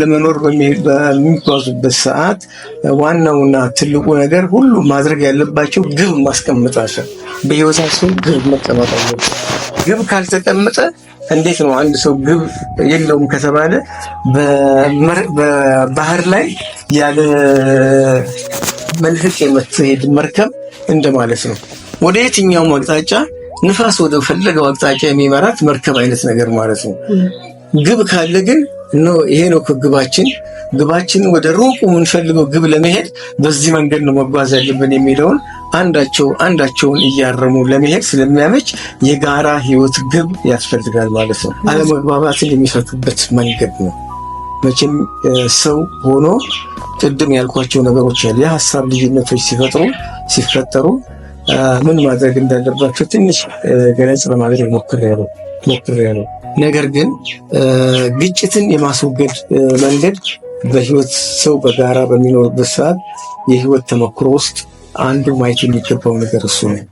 ለመኖር በሚጓዙበት ሰዓት ዋናውና ትልቁ ነገር ሁሉ ማድረግ ያለባቸው ግብ ማስቀመጣቸው፣ በህይወታቸው ግብ መቀመጥ አለ። ግብ ካልተቀመጠ እንዴት ነው አንድ ሰው ግብ የለውም ከተባለ በባህር ላይ ያለ መልህቅ የምትሄድ መርከብ እንደማለት ነው። ወደ የትኛውም አቅጣጫ ንፋስ ወደ ፈለገው አቅጣጫ የሚመራት መርከብ አይነት ነገር ማለት ነው። ግብ ካለ ግን እነ ይሄ ነው ግባችን። ግባችን ወደ ሩቁ የምንፈልገው ግብ ለመሄድ በዚህ መንገድ ነው መጓዝ ያለብን የሚለውን አንዳቸው አንዳቸውን እያረሙ ለመሄድ ስለሚያመች የጋራ ህይወት ግብ ያስፈልጋል ማለት ነው። አለመግባባትን የሚፈቱበት መንገድ ነው። መቼም ሰው ሆኖ ቅድም ያልኳቸው ነገሮች ያሉ የሀሳብ ልዩነቶች ሲፈጥሩ ሲፈጠሩ ምን ማድረግ እንዳለባቸው ትንሽ ገለጽ ለማድረግ ሞክሬ ነው። ነገር ግን ግጭትን የማስወገድ መንገድ በህይወት ሰው በጋራ በሚኖርበት ሰዓት የህይወት ተመክሮ ውስጥ አንዱ ማየት የሚገባው ነገር እሱ ነው።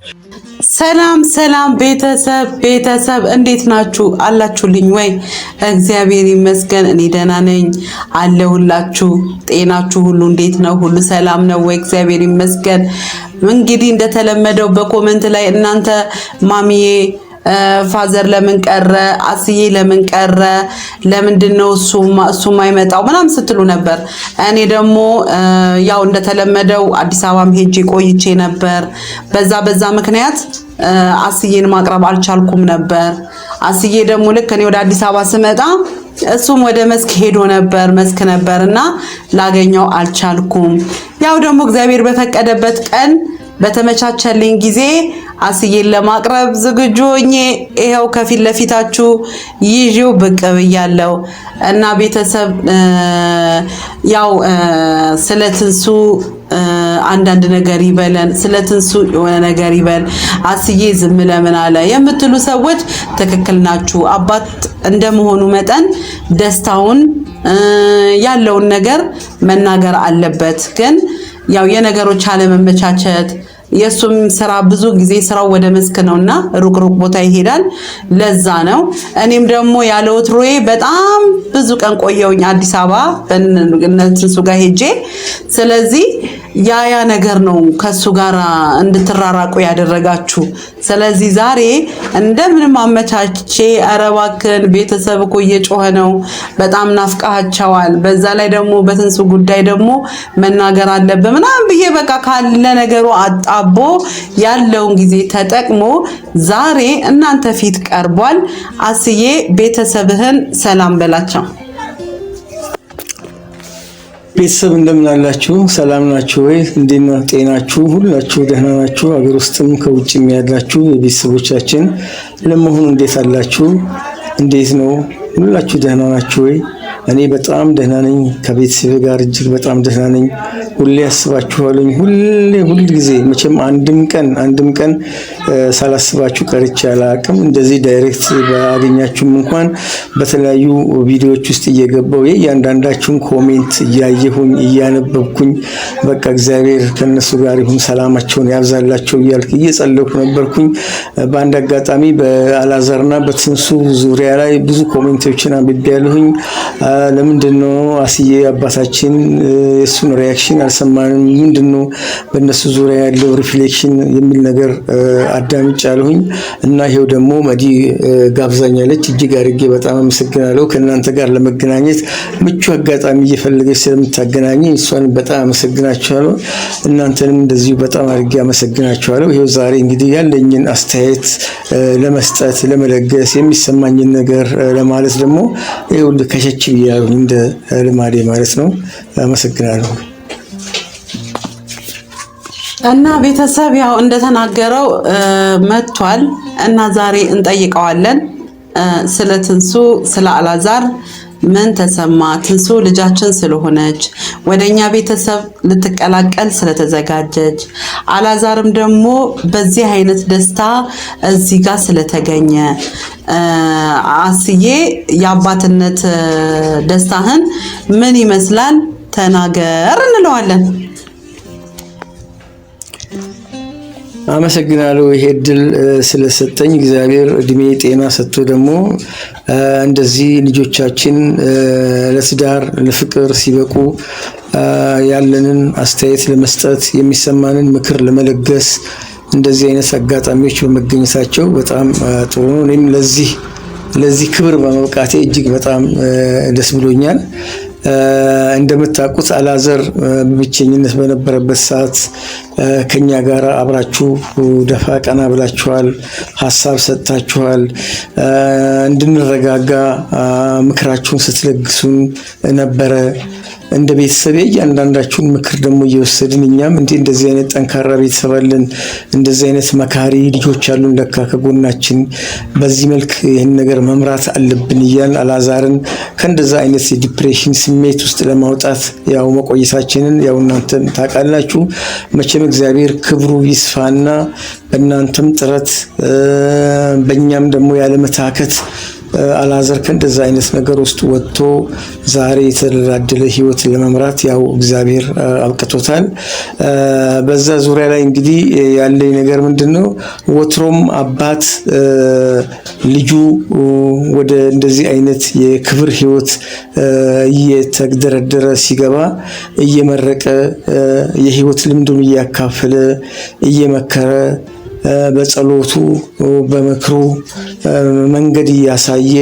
ሰላም ሰላም ቤተሰብ ቤተሰብ እንዴት ናችሁ? አላችሁልኝ ወይ? እግዚአብሔር ይመስገን እኔ ደህና ነኝ አለሁላችሁ። ጤናችሁ ሁሉ እንዴት ነው? ሁሉ ሰላም ነው ወይ? እግዚአብሔር ይመስገን። እንግዲህ እንደተለመደው በኮመንት ላይ እናንተ ማሚዬ ፋዘር ለምን ቀረ፣ አስዬ ለምን ቀረ፣ ለምንድን ነው እሱ ማይመጣው ምናምን ስትሉ ነበር። እኔ ደግሞ ያው እንደተለመደው አዲስ አበባም ሄጄ ቆይቼ ነበር። በዛ በዛ ምክንያት አስዬን ማቅረብ አልቻልኩም ነበር። አስዬ ደግሞ ልክ እኔ ወደ አዲስ አበባ ስመጣ እሱም ወደ መስክ ሄዶ ነበር። መስክ ነበር እና ላገኘው አልቻልኩም። ያው ደግሞ እግዚአብሔር በፈቀደበት ቀን በተመቻቸልኝ ጊዜ አስዬን ለማቅረብ ዝግጁ ሆኜ ይኸው ከፊት ለፊታችሁ ይዤው ብቅ ብያለሁ እና ቤተሰብ ያው ስለ ትንሱ አንዳንድ ነገር ይበለን፣ ስለ ትንሱ የሆነ ነገር ይበል፣ አስዬ ዝም ለምን አለ የምትሉ ሰዎች ትክክል ናችሁ። አባት እንደመሆኑ መጠን ደስታውን ያለውን ነገር መናገር አለበት። ግን ያው የነገሮች አለመመቻቸት የእሱም ስራ ብዙ ጊዜ ስራው ወደ መስክ ነው እና ሩቅ ሩቅ ቦታ ይሄዳል። ለዛ ነው እኔም ደግሞ ያለ ወትሮዬ በጣም ብዙ ቀን ቆየውኝ አዲስ አበባ በእነሱ ጋር ሄጄ። ስለዚህ ያ ያ ነገር ነው ከሱ ጋር እንድትራራቁ ያደረጋችሁ። ስለዚህ ዛሬ እንደምንም አመቻቼ አረባክን ቤተሰብ እኮ እየጮኸ ነው፣ በጣም ናፍቃቸዋል። በዛ ላይ ደግሞ በትንሱ ጉዳይ ደግሞ መናገር አለብን ምናምን ብዬ በቃ ካለ ነገሩ አጣ ተግባቦ ያለውን ጊዜ ተጠቅሞ ዛሬ እናንተ ፊት ቀርቧል። አስዬ ቤተሰብህን ሰላም በላቸው። ቤተሰብ እንደምን አላችሁ? ሰላም ናችሁ ወይ? እንዴት ነው ጤናችሁ? ሁላችሁ ደህና ናችሁ? ሀገር ውስጥም ከውጭም ያላችሁ የቤተሰቦቻችን ለመሆኑ እንዴት አላችሁ? እንዴት ነው? ሁላችሁ ደህና ናችሁ ወይ? እኔ በጣም ደህና ነኝ። ከቤተሰቤ ጋር እጅግ በጣም ደህና ነኝ። ሁሌ ያስባችኋለኝ። ሁሌ ሁል ጊዜ መቼም አንድም ቀን አንድም ቀን ሳላስባችሁ ቀርቼ አላቅም። እንደዚህ ዳይሬክት ባገኛችሁም እንኳን በተለያዩ ቪዲዮዎች ውስጥ እየገባው የእያንዳንዳችሁን ኮሜንት እያየሁኝ እያነበብኩኝ በቃ እግዚአብሔር ከነሱ ጋር ይሁን ሰላማቸውን ያብዛላቸው እያልክ እየጸለኩ ነበርኩኝ። በአንድ አጋጣሚ በአላዛርና በትንሱ ዙሪያ ላይ ብዙ ኮሜንቶችን አንብቤ ያለሁኝ ለምንድን ነው አስዬ አባታችን የእሱን ሪያክሽን አልሰማንም? ምንድን ነው በእነሱ ዙሪያ ያለው ሪፍሌክሽን የሚል ነገር አዳምጭ እና ይሄው ደግሞ መዲ ጋብዛኛለች። እጅግ አድርጌ በጣም አመሰግናለሁ። ከእናንተ ጋር ለመገናኘት ምቹ አጋጣሚ እየፈለገች ስለምታገናኝ እሷን በጣም አመሰግናችኋለሁ። እናንተንም እንደዚሁ በጣም አድርጌ አመሰግናችኋለሁ። ይሄው ዛሬ እንግዲህ ያለኝን አስተያየት ለመስጠት ለመለገስ የሚሰማኝን ነገር ለማለት ደግሞ ይኸው ከሸች እንደ ልማዴ ማለት ነው። አመሰግናለሁ። እና ቤተሰብ ያው እንደተናገረው መጥቷል እና ዛሬ እንጠይቀዋለን ስለ ትንሱ ስለ አላዛር ምን ተሰማ? ትንሱ ልጃችን ስለሆነች ወደ እኛ ቤተሰብ ልትቀላቀል ስለተዘጋጀች፣ አላዛርም ደግሞ በዚህ አይነት ደስታ እዚህ ጋር ስለተገኘ አስዬ የአባትነት ደስታህን ምን ይመስላል ተናገር እንለዋለን። አመሰግናለሁ ይሄ እድል ስለሰጠኝ እግዚአብሔር እድሜ ጤና ሰጥቶ ደግሞ እንደዚህ ልጆቻችን ለትዳር ለፍቅር ሲበቁ ያለንን አስተያየት ለመስጠት የሚሰማንን ምክር ለመለገስ እንደዚህ አይነት አጋጣሚዎች በመገኘታቸው በጣም ጥሩ ነው። እኔም ለዚህ ለዚህ ክብር በመብቃቴ እጅግ በጣም ደስ ብሎኛል። እንደምታውቁት አላዘር ብቸኝነት በነበረበት ሰዓት ከኛ ጋር አብራችሁ ደፋ ቀና ብላችኋል፣ ሀሳብ ሰጥታችኋል፣ እንድንረጋጋ ምክራችሁን ስትለግሱን ነበረ። እንደ ቤተሰብ እያንዳንዳችሁን ምክር ደግሞ እየወሰድን እኛም እንዴ እንደዚህ አይነት ጠንካራ ቤተሰብ አለን፣ እንደዚህ አይነት መካሪ ልጆች አሉን ለካ ከጎናችን፣ በዚህ መልክ ይህን ነገር መምራት አለብን እያልን አላዛርን ከእንደዛ አይነት የዲፕሬሽን ስሜት ውስጥ ለማውጣት ያው መቆየታችንን ያው እናንተ ታውቃላችሁ መቼም እግዚአብሔር ክብሩ ይስፋና በእናንተም ጥረት በእኛም ደግሞ ያለመታከት አላዘር ከእንደዛ አይነት ነገር ውስጥ ወጥቶ ዛሬ የተደላደለ ህይወት ለመምራት ያው እግዚአብሔር አብቅቶታል። በዛ ዙሪያ ላይ እንግዲህ ያለኝ ነገር ምንድን ነው? ወትሮም አባት ልጁ ወደ እንደዚህ አይነት የክብር ህይወት እየተደረደረ ሲገባ እየመረቀ የህይወት ልምዱን እያካፈለ እየመከረ በጸሎቱ በምክሩ መንገድ እያሳየ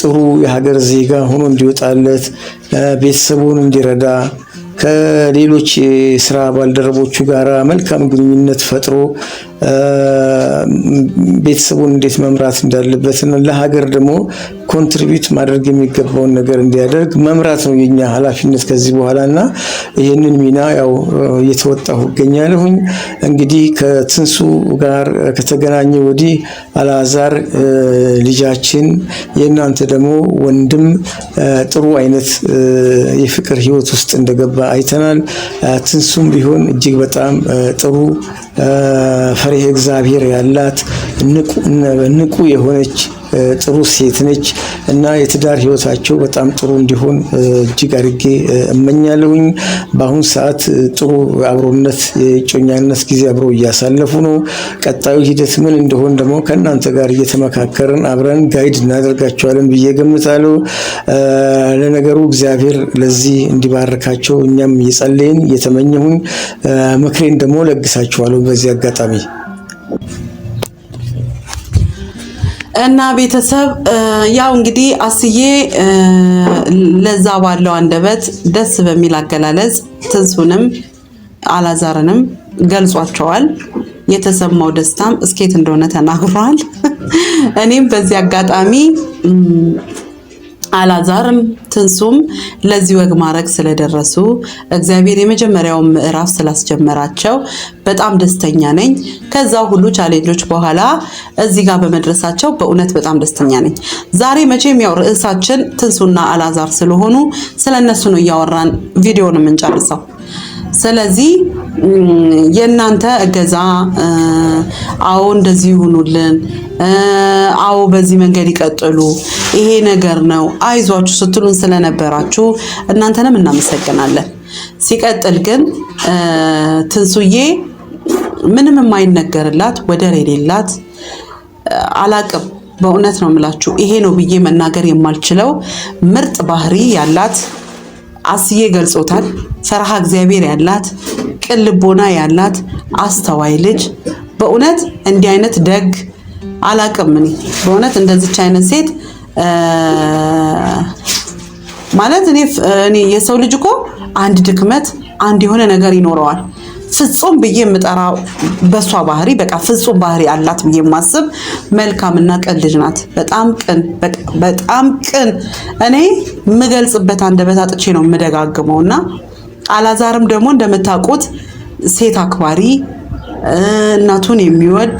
ጥሩ የሀገር ዜጋ ሆኖ እንዲወጣለት ቤተሰቡን እንዲረዳ ከሌሎች የስራ ባልደረቦቹ ጋር መልካም ግንኙነት ፈጥሮ ቤተሰቡን እንዴት መምራት እንዳለበት ለሀገር ደግሞ ኮንትሪቢዩት ማድረግ የሚገባውን ነገር እንዲያደርግ መምራት ነው የኛ ኃላፊነት ከዚህ በኋላ እና ይህንን ሚና ያው እየተወጣሁ እገኛለሁኝ። እንግዲህ ከትንሱ ጋር ከተገናኘ ወዲህ አልዓዛር ልጃችን፣ የእናንተ ደግሞ ወንድም ጥሩ አይነት የፍቅር ህይወት ውስጥ እንደገባ አይተናል። ትንሱም ቢሆን እጅግ በጣም ጥሩ ፍሬ እግዚአብሔር ያላት ንቁ የሆነች ጥሩ ሴት ነች እና የትዳር ህይወታቸው በጣም ጥሩ እንዲሆን እጅግ አድርጌ እመኛለሁኝ። በአሁኑ ሰዓት ጥሩ አብሮነት የጮኛነት ጊዜ አብሮ እያሳለፉ ነው። ቀጣዩ ሂደት ምን እንደሆን ደግሞ ከእናንተ ጋር እየተመካከርን አብረን ጋይድ እናደርጋቸዋለን ብዬ ገምታለሁ። ለነገሩ እግዚአብሔር ለዚህ እንዲባርካቸው እኛም እየጸለይን እየተመኘሁኝ ምክሬን ደግሞ ለግሳችኋለሁ በዚህ አጋጣሚ እና ቤተሰብ ያው እንግዲህ አስዬ ለዛ ባለው አንደበት ደስ በሚል አገላለጽ ትንሱንም አላዛርንም ገልጿቸዋል። የተሰማው ደስታም እስኬት እንደሆነ ተናግሯል። እኔም በዚህ አጋጣሚ አላዛርም ትንሱም ለዚህ ወግ ማዕረግ ስለደረሱ እግዚአብሔር የመጀመሪያውን ምዕራፍ ስላስጀመራቸው በጣም ደስተኛ ነኝ። ከዛ ሁሉ ቻሌንጆች በኋላ እዚህ ጋር በመድረሳቸው በእውነት በጣም ደስተኛ ነኝ። ዛሬ መቼም ያው ርዕሳችን ትንሱና አላዛር ስለሆኑ ስለነሱ ነው እያወራን ቪዲዮን የምንጨርሰው። ስለዚህ የእናንተ እገዛ አዎ፣ እንደዚህ ይሁኑልን፣ አዎ፣ በዚህ መንገድ ይቀጥሉ፣ ይሄ ነገር ነው፣ አይዟችሁ ስትሉን ስለነበራችሁ እናንተንም እናመሰግናለን። ሲቀጥል ግን ትንሱዬ ምንም የማይነገርላት ወደር የሌላት አላቅም፣ በእውነት ነው የምላችሁ፣ ይሄ ነው ብዬ መናገር የማልችለው ምርጥ ባህሪ ያላት አስዬ ገልጾታል። ፈርሃ እግዚአብሔር ያላት ቅን ልቦና ያላት አስተዋይ ልጅ በእውነት እንዲህ አይነት ደግ አላቅም እኔ በእውነት እንደዚች አይነት ሴት ማለት እኔ የሰው ልጅ እኮ አንድ ድክመት አንድ የሆነ ነገር ይኖረዋል። ፍጹም ብዬ የምጠራ በሷ ባህሪ በቃ ፍጹም ባህሪ አላት ብዬ የማስብ መልካምና ቅን ልጅ ናት። በጣም ቅን በጣም ቅን። እኔ የምገልጽበት አንደበት አጥቼ ነው የምደጋግመው። እና አላዛርም ደግሞ እንደምታውቁት ሴት አክባሪ፣ እናቱን የሚወድ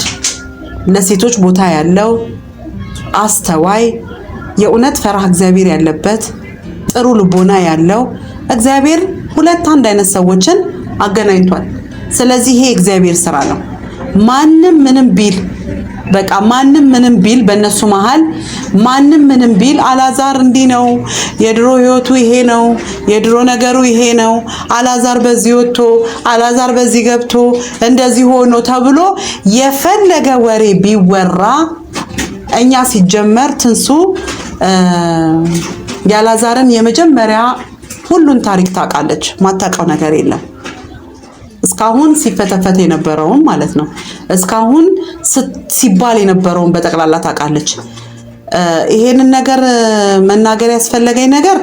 ለሴቶች ቦታ ያለው አስተዋይ፣ የእውነት ፈራህ እግዚአብሔር ያለበት ጥሩ ልቦና ያለው እግዚአብሔር ሁለት አንድ አይነት ሰዎችን አገናኝቷል። ስለዚህ ይሄ እግዚአብሔር ስራ ነው። ማንም ምንም ቢል በቃ ማንም ምንም ቢል በእነሱ መሃል ማንም ምንም ቢል አላዛር እንዲህ ነው፣ የድሮ ህይወቱ ይሄ ነው፣ የድሮ ነገሩ ይሄ ነው፣ አላዛር በዚህ ወጥቶ አላዛር በዚህ ገብቶ እንደዚህ ሆኖ ተብሎ የፈለገ ወሬ ቢወራ እኛ ሲጀመር ትንሱ ያላዛርን የመጀመሪያ ሁሉን ታሪክ ታውቃለች። ማታውቀው ነገር የለም። እስካሁን ሲፈተፈት የነበረውን ማለት ነው። እስካሁን ሲባል የነበረውን በጠቅላላ ታውቃለች። ይሄንን ነገር መናገር ያስፈለገኝ ነገር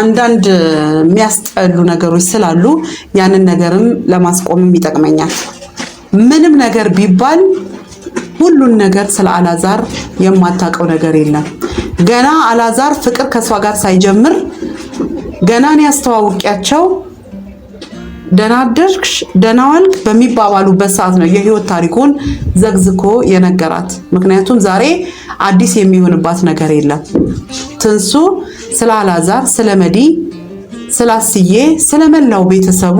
አንዳንድ የሚያስጠሉ ነገሮች ስላሉ ያንን ነገርም ለማስቆምም ይጠቅመኛል። ምንም ነገር ቢባል ሁሉን ነገር ስለ አላዛር የማታውቀው ነገር የለም። ገና አላዛር ፍቅር ከእሷ ጋር ሳይጀምር ገና እኔ ያስተዋውቂያቸው ደህና አደርሽ፣ ደህና ዋልክ በሚባባሉበት ሰዓት ነው የህይወት ታሪኩን ዘግዝኮ የነገራት። ምክንያቱም ዛሬ አዲስ የሚሆንባት ነገር የለም። ትንሱ ስለ አላዛር፣ ስለ መዲ፣ ስለ አስዬ፣ ስለ መላው ቤተሰቡ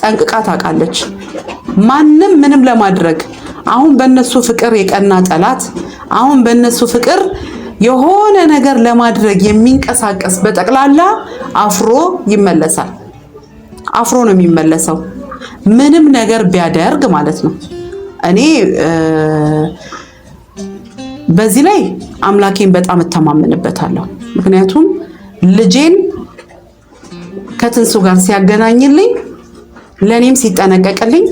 ጠንቅቃ ታውቃለች። ማንም ምንም ለማድረግ አሁን በእነሱ ፍቅር የቀና ጠላት፣ አሁን በእነሱ ፍቅር የሆነ ነገር ለማድረግ የሚንቀሳቀስ በጠቅላላ አፍሮ ይመለሳል። አፍሮ ነው የሚመለሰው ምንም ነገር ቢያደርግ ማለት ነው። እኔ በዚህ ላይ አምላኬን በጣም እተማመንበታለሁ። ምክንያቱም ልጄን ከትንሱ ጋር ሲያገናኝልኝ ለእኔም ሲጠነቀቅልኝ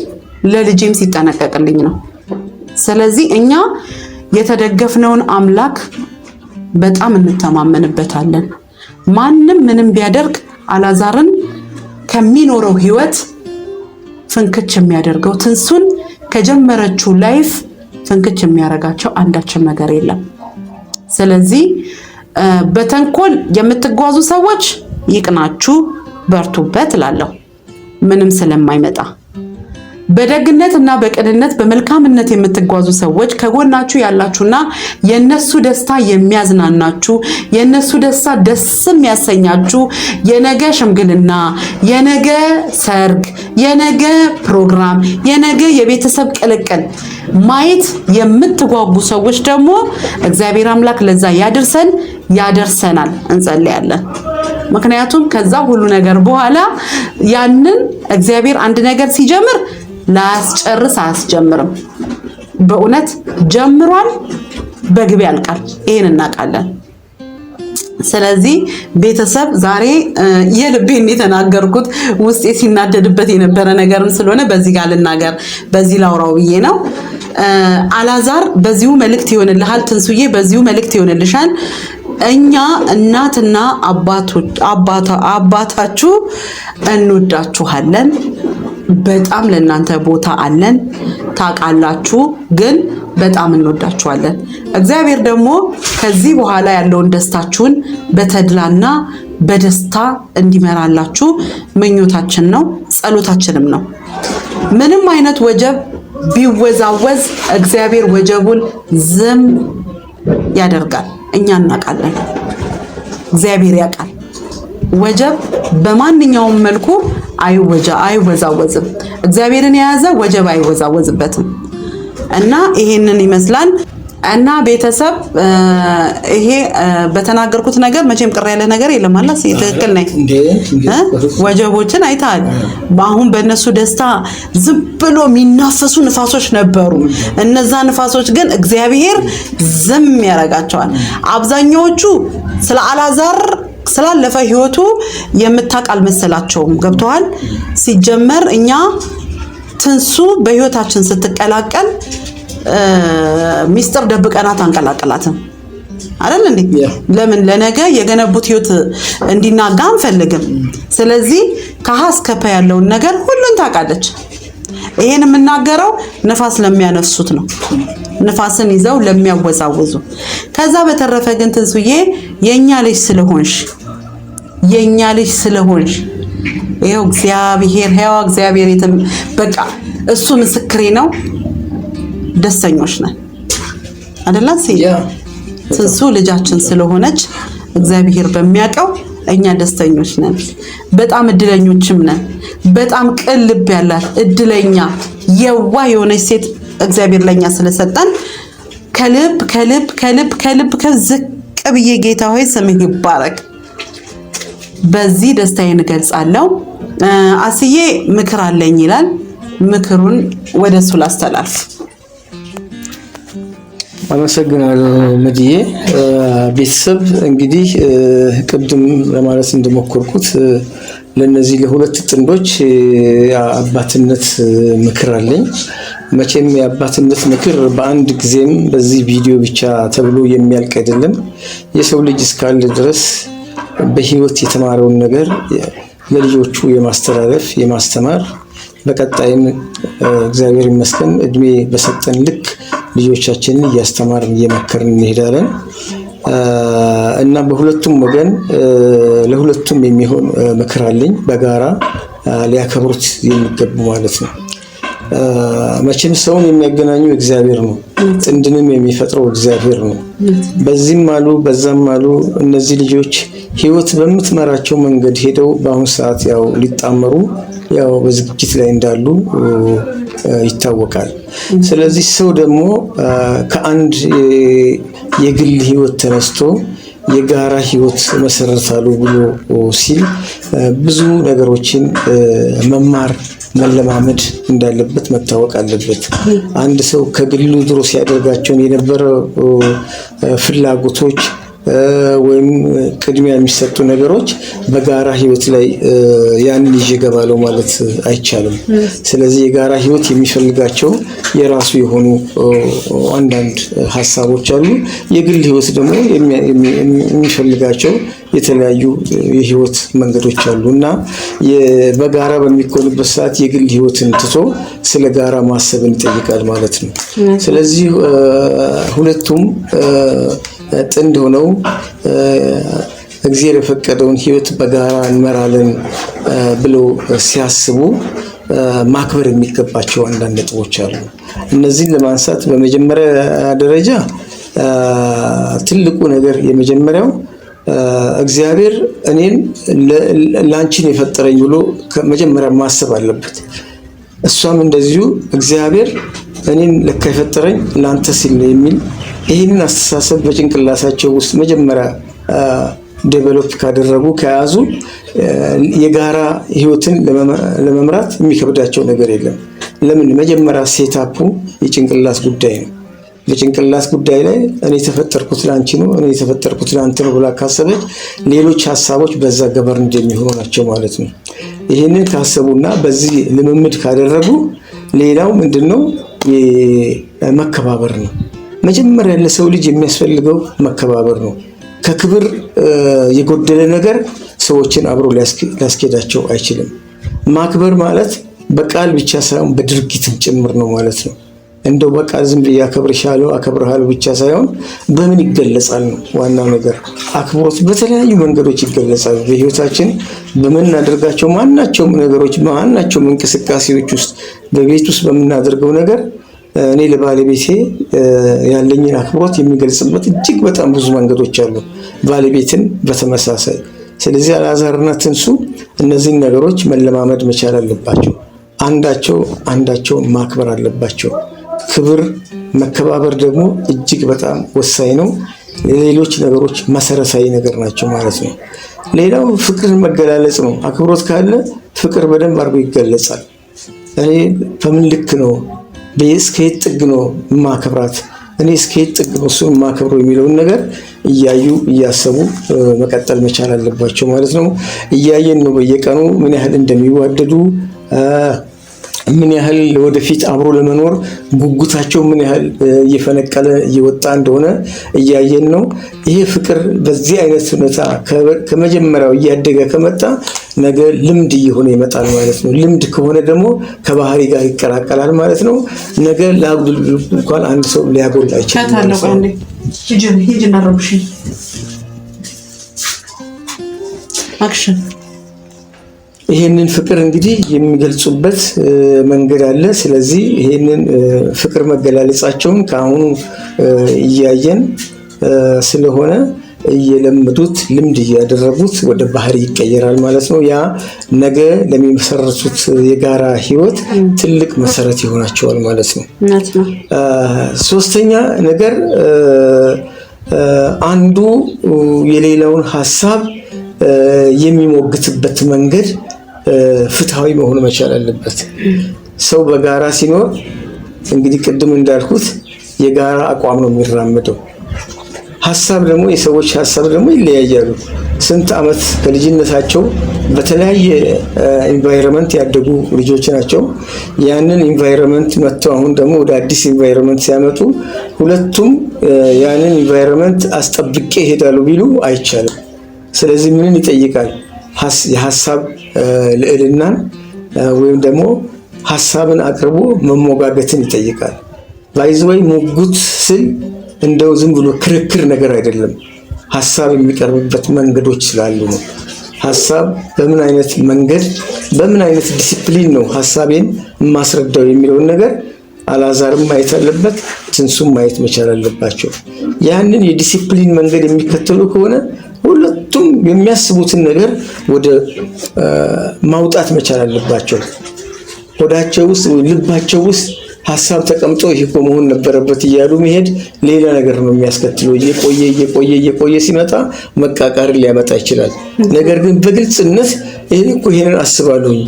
ለልጄም ሲጠነቀቅልኝ ነው። ስለዚህ እኛ የተደገፍነውን አምላክ በጣም እንተማመንበታለን። ማንም ምንም ቢያደርግ አላዛርን ከሚኖረው ህይወት ፍንክች የሚያደርገው ትንሱን ከጀመረችው ላይፍ ፍንክች የሚያደርጋቸው አንዳችን ነገር የለም። ስለዚህ በተንኮል የምትጓዙ ሰዎች ይቅናችሁ፣ በርቱበት እላለሁ ምንም ስለማይመጣ በደግነት እና በቅንነት በመልካምነት የምትጓዙ ሰዎች ከጎናችሁ ያላችሁና የነሱ ደስታ የሚያዝናናችሁ የነሱ ደስታ ደስ የሚያሰኛችሁ የነገ ሽምግልና፣ የነገ ሰርግ፣ የነገ ፕሮግራም፣ የነገ የቤተሰብ ቅልቅል ማየት የምትጓጉ ሰዎች ደግሞ እግዚአብሔር አምላክ ለዛ ያድርሰን ያደርሰናል። እንጸልያለን። ምክንያቱም ከዛ ሁሉ ነገር በኋላ ያንን እግዚአብሔር አንድ ነገር ሲጀምር ላያስጨርስ አያስጀምርም። በእውነት ጀምሯል፣ በግብ ያልቃል። ይሄን እናውቃለን። ስለዚህ ቤተሰብ ዛሬ የልቤን የተናገርኩት ውስጤ ሲናደድበት የነበረ ነገርም ስለሆነ በዚህ ጋር ልናገር፣ በዚህ ላውራው ብዬ ነው። አላዛር በዚሁ መልእክት ይሆንልሃል። ትንሱዬ በዚሁ መልእክት ይሆንልሻል። እኛ እናትና አባታችሁ እንወዳችኋለን። በጣም ለእናንተ ቦታ አለን፣ ታውቃላችሁ። ግን በጣም እንወዳችኋለን። እግዚአብሔር ደግሞ ከዚህ በኋላ ያለውን ደስታችሁን በተድላና በደስታ እንዲመራላችሁ ምኞታችን ነው፣ ጸሎታችንም ነው። ምንም አይነት ወጀብ ቢወዛወዝ እግዚአብሔር ወጀቡን ዝም ያደርጋል። እኛ እናውቃለን፣ እግዚአብሔር ያውቃል። ወጀብ በማንኛውም መልኩ አይወጃ አይወዛወዝም። እግዚአብሔርን የያዘ ወጀብ አይወዛወዝበትም እና ይሄንን ይመስላል እና ቤተሰብ ይሄ በተናገርኩት ነገር መቼም ቅር ያለ ነገር የለም። አላስ ትክክል ነኝ። ወጀቦችን አይተሃል። አሁን በእነሱ ደስታ ዝም ብሎ የሚናፈሱ ንፋሶች ነበሩ። እነዛ ንፋሶች ግን እግዚአብሔር ዝም ያደርጋቸዋል። አብዛኛዎቹ ስለ አላዛር ስላለፈ ህይወቱ የምታውቅ አልመሰላቸውም። ገብተዋል። ሲጀመር እኛ ትንሱ በህይወታችን ስትቀላቀል ሚስጥር ደብቀናት አንቀላቀላትም አይደል እንዴ? ለምን ለነገ የገነቡት ህይወት እንዲናጋ አንፈልግም። ስለዚህ ከሀ እስከ ፐ ያለውን ነገር ሁሉን ታውቃለች። ይሄን የምናገረው ንፋስ ለሚያነፍሱት ነው፣ ንፋስን ይዘው ለሚያወዛውዙ። ከዛ በተረፈ ግን ትንሱዬ የኛ ልጅ ስለሆንሽ የኛ ልጅ ስለሆንሽ ይሄው እግዚአብሔር ሕያው እግዚአብሔር በቃ እሱ ምስክሬ ነው። ደስተኞች ነን አይደል? ትንሱ ልጃችን ስለሆነች እግዚአብሔር በሚያውቀው እኛ ደስተኞች ነን። በጣም እድለኞችም ነን። በጣም ቅን ልብ ያላት እድለኛ የዋ የሆነች ሴት እግዚአብሔር ለእኛ ስለሰጠን ከልብ ከልብ ከልብ ከልብ ከዝቅ ብዬ ጌታ ሆይ ስምህ ይባረክ። በዚህ ደስታዬን እገልጻለሁ። አስዬ ምክር አለኝ ይላል። ምክሩን ወደ እሱ ላስተላልፍ። አመሰግናለሁ ምድዬ ቤተሰብ እንግዲህ ቅድም ለማለት እንደሞከርኩት ለነዚህ ለሁለት ጥንዶች አባትነት ምክር አለኝ። መቼም የአባትነት ምክር በአንድ ጊዜም በዚህ ቪዲዮ ብቻ ተብሎ የሚያልቅ አይደለም። የሰው ልጅ እስካለ ድረስ በህይወት የተማረውን ነገር ለልጆቹ የማስተላለፍ የማስተማር በቀጣይም እግዚአብሔር ይመስገን እድሜ በሰጠን ልክ ልጆቻችንን እያስተማርን እየመከርን እንሄዳለን እና በሁለቱም ወገን ለሁለቱም የሚሆን ምክር አለኝ። በጋራ ሊያከብሩት የሚገቡ ማለት ነው። መቼም ሰውን የሚያገናኘው እግዚአብሔር ነው። ጥንድንም የሚፈጥረው እግዚአብሔር ነው። በዚህም አሉ በዛም አሉ እነዚህ ልጆች ህይወት በምትመራቸው መንገድ ሄደው በአሁኑ ሰዓት ያው ሊጣመሩ ያው በዝግጅት ላይ እንዳሉ ይታወቃል። ስለዚህ ሰው ደግሞ ከአንድ የግል ህይወት ተነስቶ የጋራ ህይወት መሰረታሉ ብሎ ሲል ብዙ ነገሮችን መማር መለማመድ እንዳለበት መታወቅ አለበት። አንድ ሰው ከግሉ ድሮ ሲያደርጋቸውን የነበረ ፍላጎቶች ወይም ቅድሚያ የሚሰጡ ነገሮች በጋራ ህይወት ላይ ያንን ይዤ እገባለሁ ማለት አይቻልም። ስለዚህ የጋራ ህይወት የሚፈልጋቸው የራሱ የሆኑ አንዳንድ ሀሳቦች አሉ። የግል ህይወት ደግሞ የሚፈልጋቸው የተለያዩ የህይወት መንገዶች አሉ እና በጋራ በሚኮንበት ሰዓት የግል ህይወትን ትቶ ስለ ጋራ ማሰብን ይጠይቃል ማለት ነው። ስለዚህ ሁለቱም ጥንድ ሆነው እግዚአብሔር የፈቀደውን ህይወት በጋራ እንመራለን ብሎ ሲያስቡ ማክበር የሚገባቸው አንዳንድ ነጥቦች አሉ። እነዚህን ለማንሳት በመጀመሪያ ደረጃ ትልቁ ነገር የመጀመሪያው እግዚአብሔር እኔን ላንቺን የፈጠረኝ ብሎ መጀመሪያ ማሰብ አለበት። እሷም እንደዚሁ እግዚአብሔር እኔን ለካ የፈጠረኝ ላንተ ሲል ነው የሚል ይህንን አስተሳሰብ በጭንቅላታቸው ውስጥ መጀመሪያ ዴቨሎፕ ካደረጉ ከያዙ የጋራ ህይወትን ለመምራት የሚከብዳቸው ነገር የለም። ለምን መጀመሪያ ሴታፑ የጭንቅላት ጉዳይ ነው። በጭንቅላት ጉዳይ ላይ እኔ የተፈጠርኩት ለአንቺ ነው፣ እኔ የተፈጠርኩት ለአንተ ነው ብላ ካሰበች ሌሎች ሀሳቦች በዛ ገበር እንደሚሆኑ ናቸው ማለት ነው። ይህንን ካሰቡና በዚህ ልምምድ ካደረጉ ሌላው ምንድን ነው? መከባበር ነው። መጀመሪያ ለሰው ልጅ የሚያስፈልገው መከባበር ነው። ከክብር የጎደለ ነገር ሰዎችን አብሮ ሊያስኬዳቸው አይችልም። ማክበር ማለት በቃል ብቻ ሳይሆን በድርጊትም ጭምር ነው ማለት ነው። እንደው በቃ ዝም ብዬ አከብርሻለሁ አከብርሃለሁ ብቻ ሳይሆን በምን ይገለጻል ነው ዋናው ነገር። አክብሮት በተለያዩ መንገዶች ይገለጻል። በህይወታችን በምናደርጋቸው ማናቸውም ነገሮች፣ ማናቸውም እንቅስቃሴዎች ውስጥ በቤት ውስጥ በምናደርገው ነገር እኔ ለባለቤቴ ያለኝን አክብሮት የሚገልጽበት እጅግ በጣም ብዙ መንገዶች አሉ። ባለቤትን በተመሳሳይ ስለዚህ አላዛርና ትንሱ እነዚህን ነገሮች መለማመድ መቻል አለባቸው። አንዳቸው አንዳቸው ማክበር አለባቸው። ክብር መከባበር ደግሞ እጅግ በጣም ወሳኝ ነው። ሌሎች ነገሮች መሰረታዊ ነገር ናቸው ማለት ነው። ሌላው ፍቅር መገላለጽ ነው። አክብሮት ካለ ፍቅር በደንብ አድርጎ ይገለጻል። እኔ በምን ልክ ነው እስከየት ጥግ ነው የማከብራት እኔ እስከየት ጥግ ነው እሱ የማከብረው የሚለውን ነገር እያዩ እያሰቡ መቀጠል መቻል አለባቸው ማለት ነው። እያየን ነው በየቀኑ ምን ያህል እንደሚዋደዱ ምን ያህል ወደፊት አብሮ ለመኖር ጉጉታቸው ምን ያህል እየፈነቀለ እየወጣ እንደሆነ እያየን ነው። ይሄ ፍቅር በዚህ አይነት ሁኔታ ከመጀመሪያው እያደገ ከመጣ ነገ ልምድ እየሆነ ይመጣል ማለት ነው። ልምድ ከሆነ ደግሞ ከባህሪ ጋር ይቀላቀላል ማለት ነው። ነገ ለአጉል እንኳን አንድ ሰው ሊያጎላ ይችላል አክሽን ይህንን ፍቅር እንግዲህ የሚገልጹበት መንገድ አለ። ስለዚህ ይህንን ፍቅር መገላለጻቸውን ከአሁኑ እያየን ስለሆነ እየለመዱት ልምድ እያደረጉት ወደ ባህሪ ይቀየራል ማለት ነው። ያ ነገ ለሚመሰረቱት የጋራ ህይወት ትልቅ መሰረት ይሆናቸዋል ማለት ነው። ሶስተኛ ነገር አንዱ የሌላውን ሀሳብ የሚሞግትበት መንገድ ፍትሐዊ መሆኑ መቻል አለበት። ሰው በጋራ ሲኖር እንግዲህ ቅድም እንዳልኩት የጋራ አቋም ነው የሚራመደው። ሀሳብ ደግሞ የሰዎች ሀሳብ ደግሞ ይለያያሉ። ስንት ዓመት ከልጅነታቸው በተለያየ ኢንቫይሮንመንት ያደጉ ልጆች ናቸው። ያንን ኢንቫይረመንት መጥተው አሁን ደግሞ ወደ አዲስ ኢንቫይሮንመንት ሲያመጡ ሁለቱም ያንን ኢንቫይረመንት አስጠብቄ ይሄዳሉ ቢሉ አይቻልም። ስለዚህ ምንን ይጠይቃል? የሀሳብ ልዕልናን ወይም ደግሞ ሀሳብን አቅርቦ መሞጋገትን ይጠይቃል። ባይዘወይ ሙጉት ስል እንደው ዝም ብሎ ክርክር ነገር አይደለም። ሀሳብ የሚቀርብበት መንገዶች ስላሉ ነው። ሀሳብ በምን አይነት መንገድ በምን አይነት ዲሲፕሊን ነው ሀሳቤን የማስረዳው የሚለውን ነገር አላዛርም ማየት አለበት፣ ትንሱም ማየት መቻል አለባቸው። ያንን የዲሲፕሊን መንገድ የሚከተሉ ከሆነ ሁለቱም የሚያስቡትን ነገር ወደ ማውጣት መቻል አለባቸው። ሆዳቸው ውስጥ ልባቸው ውስጥ ሀሳብ ተቀምጦ ይህ እኮ መሆን ነበረበት እያሉ መሄድ ሌላ ነገር ነው የሚያስከትለው። እየቆየ እየቆየ እየቆየ ሲመጣ መቃቃርን ሊያመጣ ይችላል። ነገር ግን በግልጽነት ይህን እኮ ይሄንን አስባለሁኝ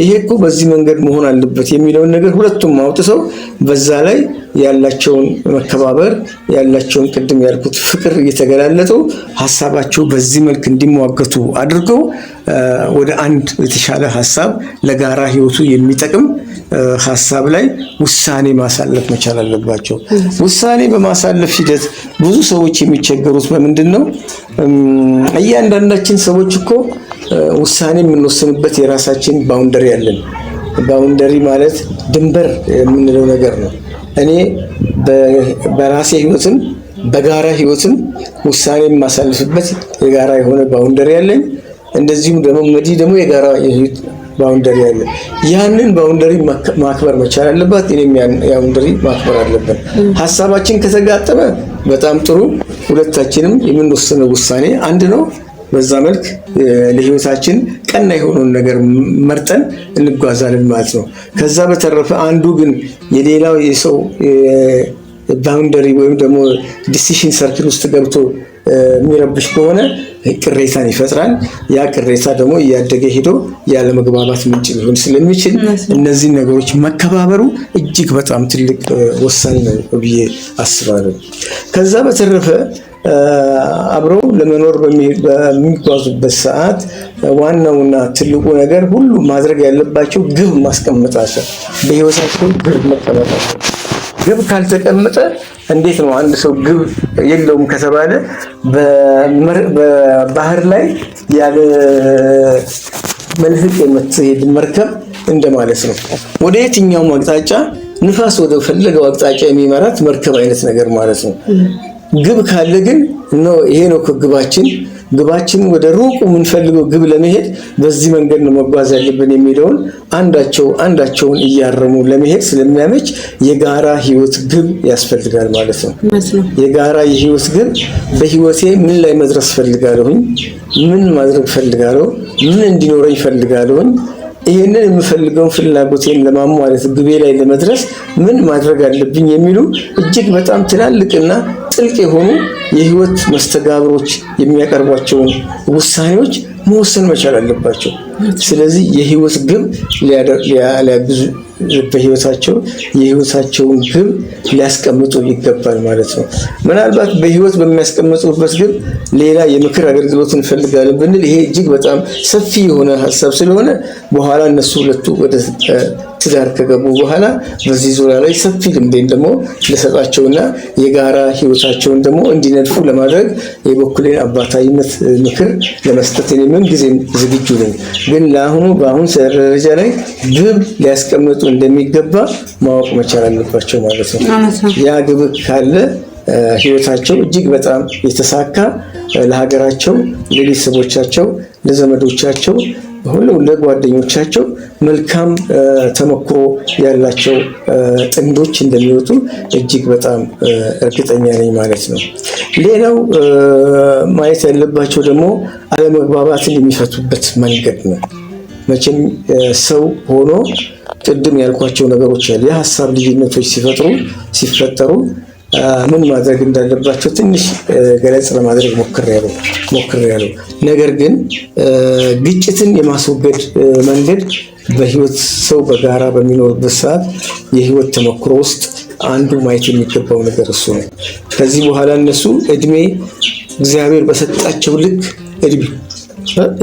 ይሄ እኮ በዚህ መንገድ መሆን አለበት የሚለውን ነገር ሁለቱም አውጥተው በዛ ላይ ያላቸውን መከባበር ያላቸውን ቅድም ያልኩት ፍቅር እየተገላለጡ ሀሳባቸው በዚህ መልክ እንዲሟገቱ አድርገው ወደ አንድ የተሻለ ሀሳብ ለጋራ ህይወቱ የሚጠቅም ሀሳብ ላይ ውሳኔ ማሳለፍ መቻል አለባቸው። ውሳኔ በማሳለፍ ሂደት ብዙ ሰዎች የሚቸገሩት በምንድን ነው? እያንዳንዳችን ሰዎች እኮ ውሳኔ የምንወስንበት የራሳችን ባውንደሪ አለን። ባውንደሪ ማለት ድንበር የምንለው ነገር ነው። እኔ በራሴ ህይወትም በጋራ ህይወትም ውሳኔ የማሳልፍበት የጋራ የሆነ ባውንደሪ አለኝ። እንደዚሁም ደግሞ መዲ ደግሞ የጋራ ባውንደሪ አለ። ያንን ባውንደሪ ማክበር መቻል አለባት። እኔም ያውንደሪ ማክበር አለብን። ሀሳባችን ከተጋጠመ በጣም ጥሩ። ሁለታችንም የምንወስነው ውሳኔ አንድ ነው። በዛ መልክ ለህይወታችን ቀና የሆነውን ነገር መርጠን እንጓዛለን ማለት ነው። ከዛ በተረፈ አንዱ ግን የሌላው የሰው ባውንደሪ ወይም ደግሞ ዲሲሽን ሰርክል ውስጥ ገብቶ የሚረብሽ ከሆነ ቅሬታን ይፈጥራል። ያ ቅሬታ ደግሞ እያደገ ሄዶ ያለመግባባት ምንጭ ሊሆን ስለሚችል እነዚህን ነገሮች መከባበሩ እጅግ በጣም ትልቅ ወሳኝ ነው ብዬ አስባለሁ። ከዛ በተረፈ አብረው ለመኖር በሚጓዙበት ሰዓት ዋናውና ትልቁ ነገር ሁሉ ማድረግ ያለባቸው ግብ ማስቀመጣቸው፣ በህይወታቸው ግብ መቀመጣቸው ግብ ካልተቀመጠ እንዴት ነው አንድ ሰው ግብ የለውም ከተባለ በባህር ላይ ያለ መልህቅ የምትሄድ መርከብ እንደማለት ነው። ወደ የትኛውም አቅጣጫ ንፋስ ወደ ፈለገው አቅጣጫ የሚመራት መርከብ አይነት ነገር ማለት ነው። ግብ ካለ ግን ይሄ ነው ከግባችን? ግባችን ወደ ሩቁ የምንፈልገው ግብ ለመሄድ በዚህ መንገድ ነው መጓዝ ያለብን የሚለውን አንዳቸው አንዳቸውን እያረሙ ለመሄድ ስለሚያመች የጋራ ህይወት ግብ ያስፈልጋል ማለት ነው። የጋራ የህይወት ግብ በህይወቴ ምን ላይ መድረስ ፈልጋለሁኝ? ምን ማድረግ ፈልጋለሁ? ምን እንዲኖረኝ ፈልጋለሁኝ? ይህንን የምፈልገውን ፍላጎቴን ለማሟለት ግቤ ላይ ለመድረስ ምን ማድረግ አለብኝ የሚሉ እጅግ በጣም ትላልቅና ጥልቅ የሆኑ የህይወት መስተጋብሮች የሚያቀርቧቸውን ውሳኔዎች መወሰን መቻል አለባቸው። ስለዚህ የህይወት ግብ ሊያግዙ በህይወታቸው የህይወታቸውን ግብ ሊያስቀምጡ ይገባል ማለት ነው። ምናልባት በህይወት በሚያስቀምጡበት ግብ ሌላ የምክር አገልግሎት እንፈልጋለን ብንል ይሄ እጅግ በጣም ሰፊ የሆነ ሀሳብ ስለሆነ በኋላ እነሱ ሁለቱ ወደ ትዳር ከገቡ በኋላ በዚህ ዙሪያ ላይ ሰፊ ልምዴን ደግሞ ልሰጣቸውና የጋራ ህይወታቸውን ደግሞ እንዲነድፉ ለማድረግ የበኩሌን አባታዊነት ምክር ለመስጠት ምን ጊዜም ዝግጁ ነኝ። ግን ለአሁኑ በአሁን ደረጃ ላይ ግብ ሊያስቀምጡ እንደሚገባ ማወቅ መቻል አለባቸው ማለት ነው። ያ ግብ ካለ ህይወታቸው እጅግ በጣም የተሳካ ለሀገራቸው፣ ለቤተሰቦቻቸው፣ ለዘመዶቻቸው ሁሉ ለጓደኞቻቸው መልካም ተሞክሮ ያላቸው ጥንዶች እንደሚወጡ እጅግ በጣም እርግጠኛ ነኝ ማለት ነው። ሌላው ማየት ያለባቸው ደግሞ አለመግባባትን የሚፈቱበት መንገድ ነው። መቼም ሰው ሆኖ ቅድም ያልኳቸው ነገሮች ያሉ የሀሳብ ልዩነቶች ሲፈጥሩ ሲፈጠሩ ምን ማድረግ እንዳለባቸው ትንሽ ገለጽ ለማድረግ ሞክሬያለሁ። ነገር ግን ግጭትን የማስወገድ መንገድ በህይወት ሰው በጋራ በሚኖርበት ሰዓት የህይወት ተሞክሮ ውስጥ አንዱ ማየት የሚገባው ነገር እሱ ነው። ከዚህ በኋላ እነሱ እድሜ እግዚአብሔር በሰጣቸው ልክ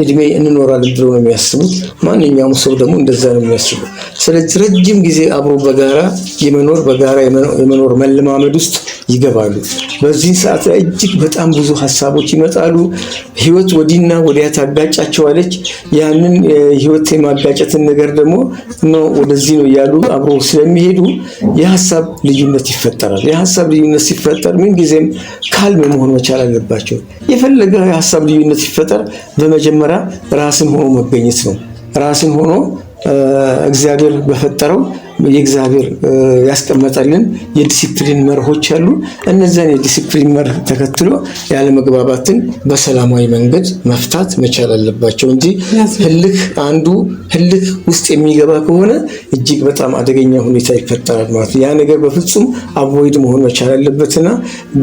እድሜ እንኖራለን ብሎ ነው የሚያስቡት። ማንኛውም ሰው ደግሞ እንደዛ ነው የሚያስቡ። ስለዚህ ረጅም ጊዜ አብሮ በጋራ የመኖር በጋራ የመኖር መለማመድ ውስጥ ይገባሉ። በዚህ ሰዓት ላይ እጅግ በጣም ብዙ ሀሳቦች ይመጣሉ። ህይወት ወዲና ወዲያ ታጋጫቸዋለች። ያንን ህይወት የማጋጨትን ነገር ደግሞ ነው ወደዚህ ነው እያሉ አብሮ ስለሚሄዱ የሀሳብ ልዩነት ይፈጠራል። የሀሳብ ልዩነት ሲፈጠር ምንጊዜም ካልም መሆን መቻል አለባቸው። የፈለገ የሀሳብ ልዩነት ሲፈጠር በመጀመሪያ ራስን ሆኖ መገኘት ነው። ራስን ሆኖ እግዚአብሔር በፈጠረው የእግዚአብሔር ያስቀመጠልን የዲሲፕሊን መርሆች አሉ። እነዚያን የዲሲፕሊን መርህ ተከትሎ ያለመግባባትን በሰላማዊ መንገድ መፍታት መቻል አለባቸው እንጂ ህልክ አንዱ ህልክ ውስጥ የሚገባ ከሆነ እጅግ በጣም አደገኛ ሁኔታ ይፈጠራል ማለት ነው። ያ ነገር በፍጹም አቮይድ መሆን መቻል አለበትና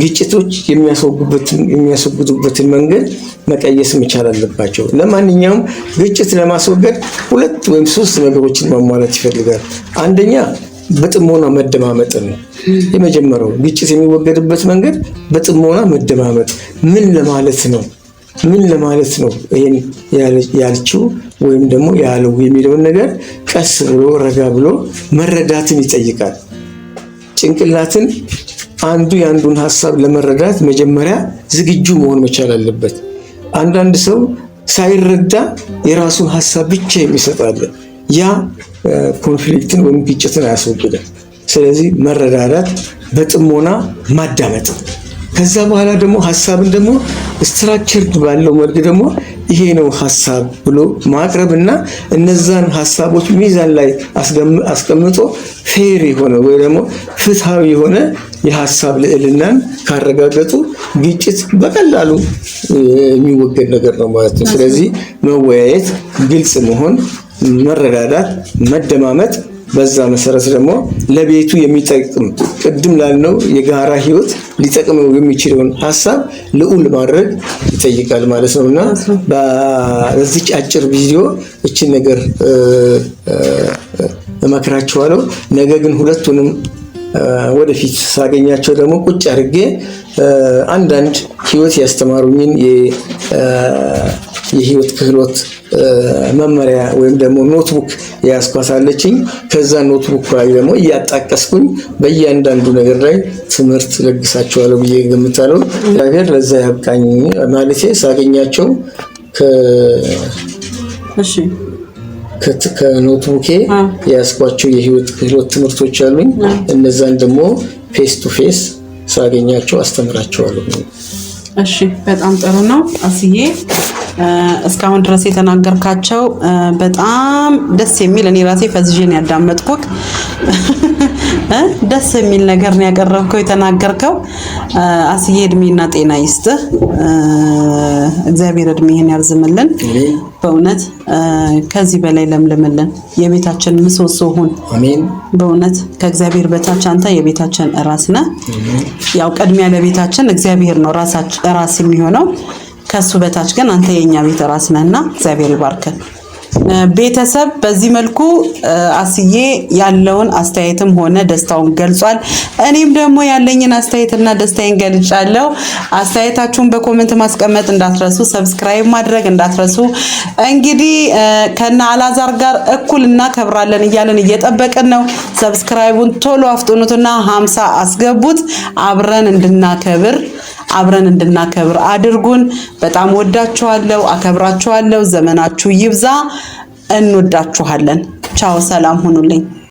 ግጭቶች የሚያስወግዱበትን መንገድ መቀየስ መቻል አለባቸው። ለማንኛውም ግጭት ለማስወገድ ሁለት ወይም ሶስት ነገሮችን ማሟላት ይፈልጋል። አንደኛ በጥሞና መደማመጥ ነው የመጀመሪያው። ግጭት የሚወገድበት መንገድ በጥሞና መደማመጥ። ምን ለማለት ነው ምን ለማለት ነው ይህን ያልችው ወይም ደግሞ ያለው የሚለውን ነገር ቀስ ብሎ ረጋ ብሎ መረዳትን ይጠይቃል። ጭንቅላትን አንዱ የአንዱን ሀሳብ ለመረዳት መጀመሪያ ዝግጁ መሆን መቻል አለበት። አንዳንድ ሰው ሳይረዳ የራሱን ሀሳብ ብቻ የሚሰጣለን ያ ኮንፍሊክት ወይም ግጭትን አያስወግድም። ስለዚህ መረዳዳት፣ በጥሞና ማዳመጥ ከዛ በኋላ ደግሞ ሀሳብን ደግሞ ስትራክቸርድ ባለው መልክ ደግሞ ይሄ ነው ሀሳብ ብሎ ማቅረብ እና እነዛን ሀሳቦች ሚዛን ላይ አስቀምጦ ፌር የሆነ ወይ ደግሞ ፍትሃዊ የሆነ የሀሳብ ልዕልናን ካረጋገጡ ግጭት በቀላሉ የሚወገድ ነገር ነው ማለት ነው። ስለዚህ መወያየት፣ ግልጽ መሆን መረዳዳት፣ መደማመጥ በዛ መሰረት ደግሞ ለቤቱ የሚጠቅም ቅድም ላልነው የጋራ ህይወት ሊጠቅመው የሚችለውን ሀሳብ ልዑል ማድረግ ይጠይቃል ማለት ነው እና በዚች አጭር ቪዲዮ እችን ነገር እመክራችኋለሁ። ነገ ግን ሁለቱንም ወደፊት ሳገኛቸው ደግሞ ቁጭ አድርጌ አንዳንድ ህይወት ያስተማሩኝን የህይወት ክህሎት መመሪያ ወይም ደግሞ ኖትቡክ ያስኳሳለችኝ። ከዛ ኖትቡክ ላይ ደግሞ እያጣቀስኩኝ በእያንዳንዱ ነገር ላይ ትምህርት ለግሳቸዋለሁ ብዬ ገምታለሁ። እግዚአብሔር ለዛ ያብቃኝ ማለቴ ሳገኛቸው ከኖትቡኬ የያስኳቸው የህይወት ክህሎት ትምህርቶች አሉኝ። እነዛን ደግሞ ፌስ ቱ ፌስ ሳገኛቸው አስተምራቸዋለሁ። እሺ፣ በጣም ጥሩ ነው አስዬ እስካሁን ድረስ የተናገርካቸው በጣም ደስ የሚል እኔ ራሴ ፈዝዤን ያዳመጥኩክ ደስ የሚል ነገር ነው ያቀረብከው የተናገርከው። አስዬ እድሜና ጤና ይስጥህ፣ እግዚአብሔር እድሜህን ያርዝምልን። በእውነት ከዚህ በላይ ለምልምልን፣ የቤታችን ምሰሶ ሁን። በእውነት ከእግዚአብሔር በታች አንተ የቤታችን ራስ ነህ። ያው ቅድሚያ ለቤታችን እግዚአብሔር ነው ራስ የሚሆነው ከሱ በታች ግን አንተ የኛ ቤት ራስ ነህና እግዚአብሔር ይባርከን። ቤተሰብ በዚህ መልኩ አስዬ ያለውን አስተያየትም ሆነ ደስታውን ገልጿል። እኔም ደግሞ ያለኝን አስተያየትና ደስታዬን ገልጫለሁ። አስተያየታችሁን በኮመንት ማስቀመጥ እንዳትረሱ፣ ሰብስክራይብ ማድረግ እንዳትረሱ። እንግዲህ ከነ አላዛር ጋር እኩል እናከብራለን እያለን እየጠበቅን ነው። ሰብስክራይቡን ቶሎ አፍጥኑትና ሀምሳ አስገቡት አብረን እንድናከብር አብረን እንድናከብር አድርጉን። በጣም ወዳችኋለሁ፣ አከብራችኋለሁ። ዘመናችሁ ይብዛ። እንወዳችኋለን። ቻው፣ ሰላም ሁኑልኝ።